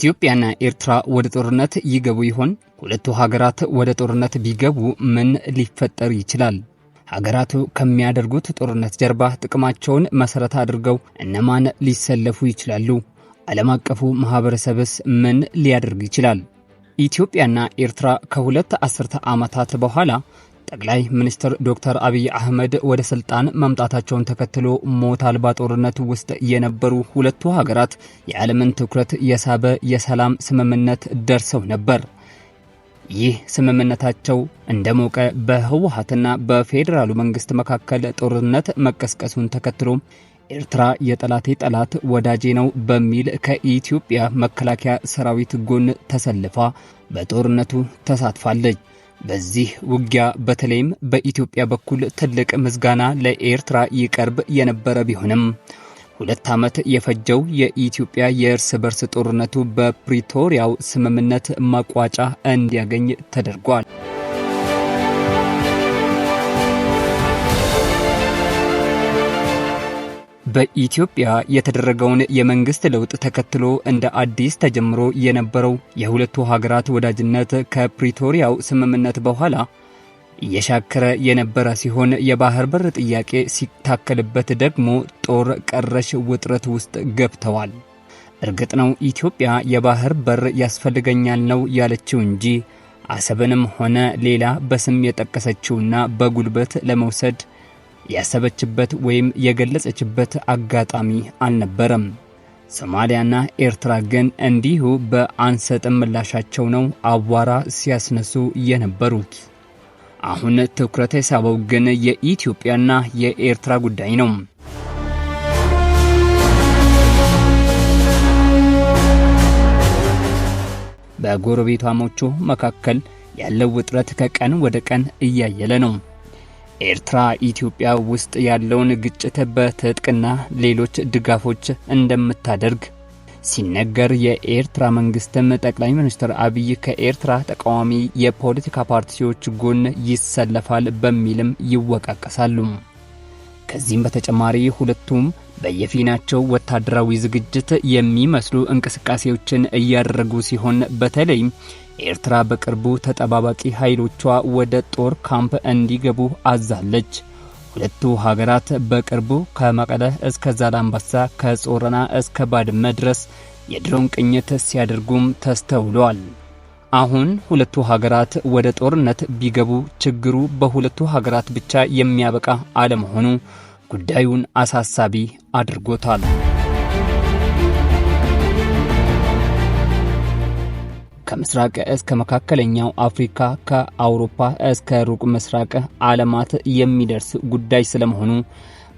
ኢትዮጵያና ኤርትራ ወደ ጦርነት ይገቡ ይሆን? ሁለቱ ሀገራት ወደ ጦርነት ቢገቡ ምን ሊፈጠር ይችላል? ሀገራቱ ከሚያደርጉት ጦርነት ጀርባ ጥቅማቸውን መሰረት አድርገው እነማን ሊሰለፉ ይችላሉ? ዓለም አቀፉ ማህበረሰብስ ምን ሊያደርግ ይችላል? ኢትዮጵያና ኤርትራ ከሁለት አስርተ ዓመታት በኋላ ጠቅላይ ሚኒስትር ዶክተር አብይ አህመድ ወደ ስልጣን መምጣታቸውን ተከትሎ ሞት አልባ ጦርነት ውስጥ የነበሩ ሁለቱ ሀገራት የዓለምን ትኩረት የሳበ የሰላም ስምምነት ደርሰው ነበር። ይህ ስምምነታቸው እንደ ሞቀ በህወሀትና በፌዴራሉ መንግስት መካከል ጦርነት መቀስቀሱን ተከትሎ ኤርትራ የጠላቴ ጠላት ወዳጄ ነው በሚል ከኢትዮጵያ መከላከያ ሰራዊት ጎን ተሰልፋ በጦርነቱ ተሳትፋለች። በዚህ ውጊያ በተለይም በኢትዮጵያ በኩል ትልቅ ምስጋና ለኤርትራ ይቀርብ የነበረ ቢሆንም ሁለት ዓመት የፈጀው የኢትዮጵያ የእርስ በርስ ጦርነቱ በፕሪቶሪያው ስምምነት መቋጫ እንዲያገኝ ተደርጓል። በኢትዮጵያ የተደረገውን የመንግስት ለውጥ ተከትሎ እንደ አዲስ ተጀምሮ የነበረው የሁለቱ ሀገራት ወዳጅነት ከፕሪቶሪያው ስምምነት በኋላ እየሻከረ የነበረ ሲሆን የባህር በር ጥያቄ ሲታከልበት ደግሞ ጦር ቀረሽ ውጥረት ውስጥ ገብተዋል። እርግጥ ነው ኢትዮጵያ የባህር በር ያስፈልገኛል ነው ያለችው እንጂ አሰብንም ሆነ ሌላ በስም የጠቀሰችውና በጉልበት ለመውሰድ ያሰበችበት ወይም የገለጸችበት አጋጣሚ አልነበረም። ሶማሊያና ኤርትራ ግን እንዲሁ በአንሰጥ ምላሻቸው ነው አቧራ ሲያስነሱ የነበሩት። አሁን ትኩረት የሳበው ግን የኢትዮጵያና የኤርትራ ጉዳይ ነው። በጎረቤታሞቹ መካከል ያለው ውጥረት ከቀን ወደ ቀን እያየለ ነው። ኤርትራ ኢትዮጵያ ውስጥ ያለውን ግጭት በትጥቅና ሌሎች ድጋፎች እንደምታደርግ ሲነገር የኤርትራ መንግስትም ጠቅላይ ሚኒስትር አብይ ከኤርትራ ተቃዋሚ የፖለቲካ ፓርቲዎች ጎን ይሰለፋል በሚልም ይወቃቀሳሉ። ከዚህም በተጨማሪ ሁለቱም በየፊናቸው ወታደራዊ ዝግጅት የሚመስሉ እንቅስቃሴዎችን እያደረጉ ሲሆን በተለይም ኤርትራ በቅርቡ ተጠባባቂ ኃይሎቿ ወደ ጦር ካምፕ እንዲገቡ አዛለች። ሁለቱ ሀገራት በቅርቡ ከመቀለ እስከ ዛላምባሳ ከጾረና እስከ ባድመ ድረስ የድሮን ቅኝት ሲያደርጉም ተስተውለዋል። አሁን ሁለቱ ሀገራት ወደ ጦርነት ቢገቡ ችግሩ በሁለቱ ሀገራት ብቻ የሚያበቃ አለመሆኑ ጉዳዩን አሳሳቢ አድርጎታል። ከምስራቅ እስከ መካከለኛው አፍሪካ ከአውሮፓ እስከ ሩቅ ምስራቅ ዓለማት የሚደርስ ጉዳይ ስለመሆኑ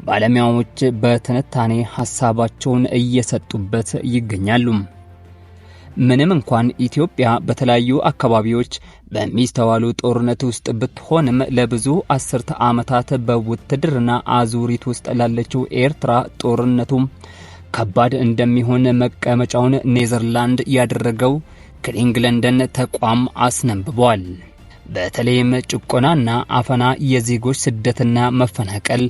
ባለሙያዎች በትንታኔ ሀሳባቸውን እየሰጡበት ይገኛሉ። ምንም እንኳን ኢትዮጵያ በተለያዩ አካባቢዎች በሚስተዋሉ ጦርነት ውስጥ ብትሆንም ለብዙ አስርተ ዓመታት በውትድርና አዙሪት ውስጥ ላለችው ኤርትራ ጦርነቱ ከባድ እንደሚሆን መቀመጫውን ኔዘርላንድ ያደረገው ከኢንግለንደን ተቋም አስነብቧል። በተለይም ጭቆናና አፈና፣ የዜጎች ስደትና መፈናቀል፣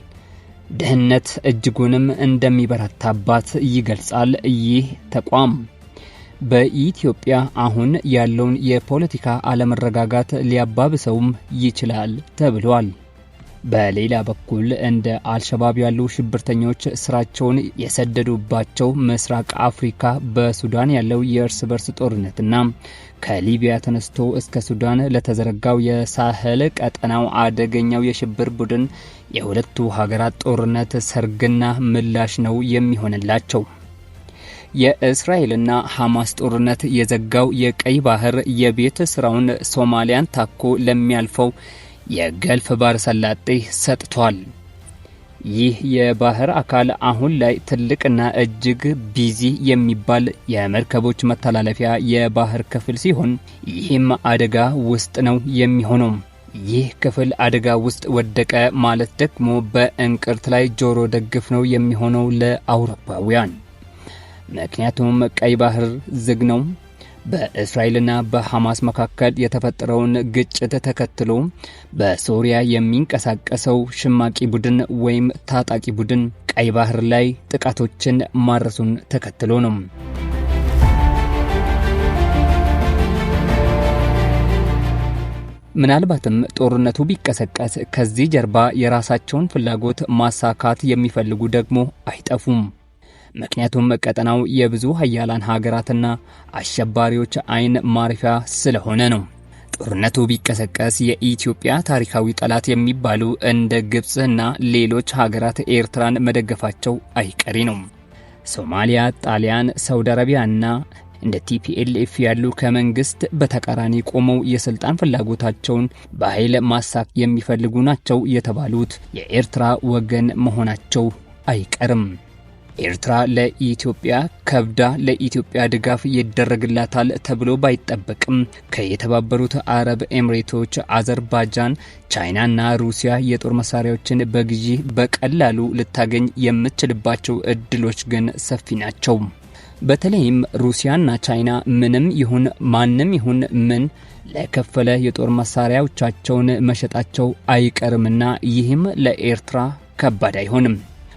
ድህነት እጅጉንም እንደሚበረታባት ይገልጻል። ይህ ተቋም በኢትዮጵያ አሁን ያለውን የፖለቲካ አለመረጋጋት ሊያባብሰውም ይችላል ተብሏል። በሌላ በኩል እንደ አልሸባብ ያሉ ሽብርተኞች ስራቸውን የሰደዱባቸው ምስራቅ አፍሪካ በሱዳን ያለው የእርስ በርስ ጦርነትና ከሊቢያ ተነስቶ እስከ ሱዳን ለተዘረጋው የሳህል ቀጠናው አደገኛው የሽብር ቡድን የሁለቱ ሀገራት ጦርነት ሰርግና ምላሽ ነው የሚሆንላቸው። የእስራኤልና ሐማስ ጦርነት የዘጋው የቀይ ባህር የቤት ስራውን ሶማሊያን ታኮ ለሚያልፈው የገልፍ ባሕረ ሰላጤ ሰጥቷል። ይህ የባህር አካል አሁን ላይ ትልቅና እጅግ ቢዚ የሚባል የመርከቦች መተላለፊያ የባህር ክፍል ሲሆን ይህም አደጋ ውስጥ ነው የሚሆነው። ይህ ክፍል አደጋ ውስጥ ወደቀ ማለት ደግሞ በእንቅርት ላይ ጆሮ ደግፍ ነው የሚሆነው ለአውሮፓውያን። ምክንያቱም ቀይ ባህር ዝግ ነው። በእስራኤልና በሐማስ መካከል የተፈጠረውን ግጭት ተከትሎ በሶሪያ የሚንቀሳቀሰው ሽማቂ ቡድን ወይም ታጣቂ ቡድን ቀይ ባህር ላይ ጥቃቶችን ማድረሱን ተከትሎ ነው። ምናልባትም ጦርነቱ ቢቀሰቀስ ከዚህ ጀርባ የራሳቸውን ፍላጎት ማሳካት የሚፈልጉ ደግሞ አይጠፉም። ምክንያቱም ቀጠናው የብዙ ሀያላን ሀገራትና አሸባሪዎች አይን ማረፊያ ስለሆነ ነው። ጦርነቱ ቢቀሰቀስ የኢትዮጵያ ታሪካዊ ጠላት የሚባሉ እንደ ግብፅና ሌሎች ሀገራት ኤርትራን መደገፋቸው አይቀሪ ነው። ሶማሊያ፣ ጣሊያን፣ ሳውዲ አረቢያና እንደ ቲፒኤልኤፍ ያሉ ከመንግስት በተቃራኒ ቆመው የስልጣን ፍላጎታቸውን በኃይል ማሳክ የሚፈልጉ ናቸው የተባሉት የኤርትራ ወገን መሆናቸው አይቀርም። ኤርትራ ለኢትዮጵያ ከብዳ ለኢትዮጵያ ድጋፍ ይደረግላታል ተብሎ ባይጠበቅም ከየተባበሩት አረብ ኤምሬቶች፣ ቻይና ቻይናና ሩሲያ የጦር መሳሪያዎችን በግዢ በቀላሉ ልታገኝ የምትችልባቸው እድሎች ግን ሰፊ ናቸው። በተለይም ሩሲያና ቻይና ምንም ይሁን ማንም ይሁን ምን ለከፈለ የጦር መሳሪያዎቻቸውን መሸጣቸው አይቀርምና ይህም ለኤርትራ ከባድ አይሆንም።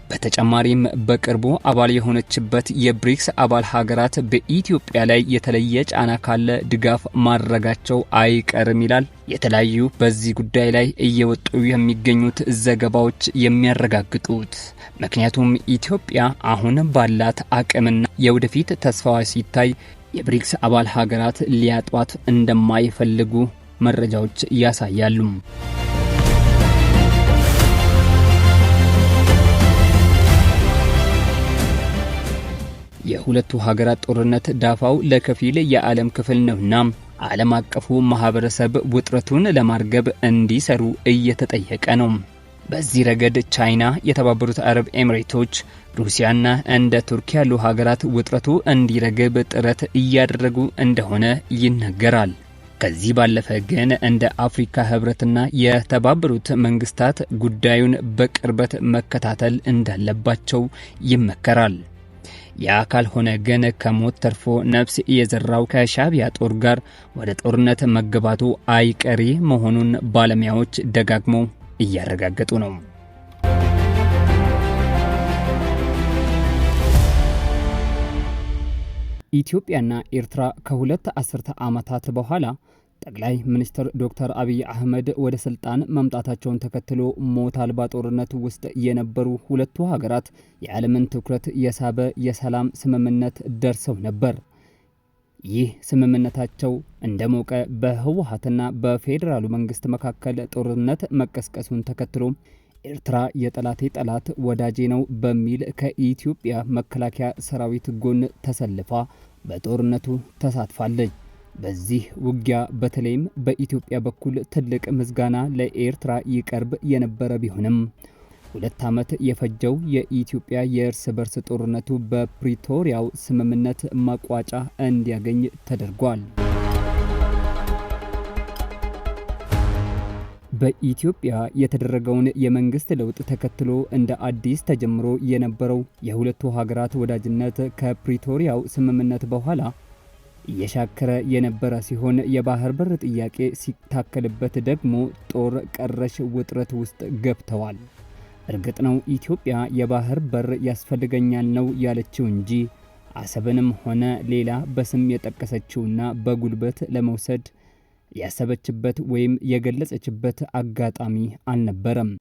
በተጨማሪም በቅርቡ አባል የሆነችበት የብሪክስ አባል ሀገራት በኢትዮጵያ ላይ የተለየ ጫና ካለ ድጋፍ ማድረጋቸው አይቀርም ይላል የተለያዩ በዚህ ጉዳይ ላይ እየወጡ የሚገኙት ዘገባዎች የሚያረጋግጡት። ምክንያቱም ኢትዮጵያ አሁን ባላት አቅምና የወደፊት ተስፋዋ ሲታይ የብሪክስ አባል ሀገራት ሊያጧት እንደማይፈልጉ መረጃዎች ያሳያሉ። የሁለቱ ሀገራት ጦርነት ዳፋው ለከፊል የዓለም ክፍል ነውና ዓለም አቀፉ ማህበረሰብ ውጥረቱን ለማርገብ እንዲሰሩ እየተጠየቀ ነው። በዚህ ረገድ ቻይና፣ የተባበሩት አረብ ኤሚሬቶች፣ ሩሲያና እንደ ቱርክ ያሉ ሀገራት ውጥረቱ እንዲረግብ ጥረት እያደረጉ እንደሆነ ይነገራል። ከዚህ ባለፈ ግን እንደ አፍሪካ ህብረትና የተባበሩት መንግስታት ጉዳዩን በቅርበት መከታተል እንዳለባቸው ይመከራል። ያ ካልሆነ ግን ከሞት ተርፎ ነፍስ እየዘራው ከሻቢያ ጦር ጋር ወደ ጦርነት መግባቱ አይቀሪ መሆኑን ባለሙያዎች ደጋግመው እያረጋገጡ ነው። ኢትዮጵያና ኤርትራ ከሁለት አስርተ ዓመታት በኋላ ጠቅላይ ሚኒስትር ዶክተር አብይ አህመድ ወደ ስልጣን መምጣታቸውን ተከትሎ ሞት አልባ ጦርነት ውስጥ የነበሩ ሁለቱ ሀገራት የዓለምን ትኩረት የሳበ የሰላም ስምምነት ደርሰው ነበር። ይህ ስምምነታቸው እንደ ሞቀ በህወሀትና በፌዴራሉ መንግስት መካከል ጦርነት መቀስቀሱን ተከትሎ ኤርትራ የጠላቴ ጠላት ወዳጄ ነው በሚል ከኢትዮጵያ መከላከያ ሰራዊት ጎን ተሰልፋ በጦርነቱ ተሳትፋለች። በዚህ ውጊያ በተለይም በኢትዮጵያ በኩል ትልቅ ምስጋና ለኤርትራ ይቀርብ የነበረ ቢሆንም ሁለት ዓመት የፈጀው የኢትዮጵያ የእርስ በርስ ጦርነቱ በፕሪቶሪያው ስምምነት መቋጫ እንዲያገኝ ተደርጓል። በኢትዮጵያ የተደረገውን የመንግስት ለውጥ ተከትሎ እንደ አዲስ ተጀምሮ የነበረው የሁለቱ ሀገራት ወዳጅነት ከፕሪቶሪያው ስምምነት በኋላ እየሻከረ የነበረ ሲሆን የባህር በር ጥያቄ ሲታከልበት ደግሞ ጦር ቀረሽ ውጥረት ውስጥ ገብተዋል። እርግጥ ነው ኢትዮጵያ የባህር በር ያስፈልገኛል ነው ያለችው እንጂ አሰብንም ሆነ ሌላ በስም የጠቀሰችውና በጉልበት ለመውሰድ ያሰበችበት ወይም የገለጸችበት አጋጣሚ አልነበረም።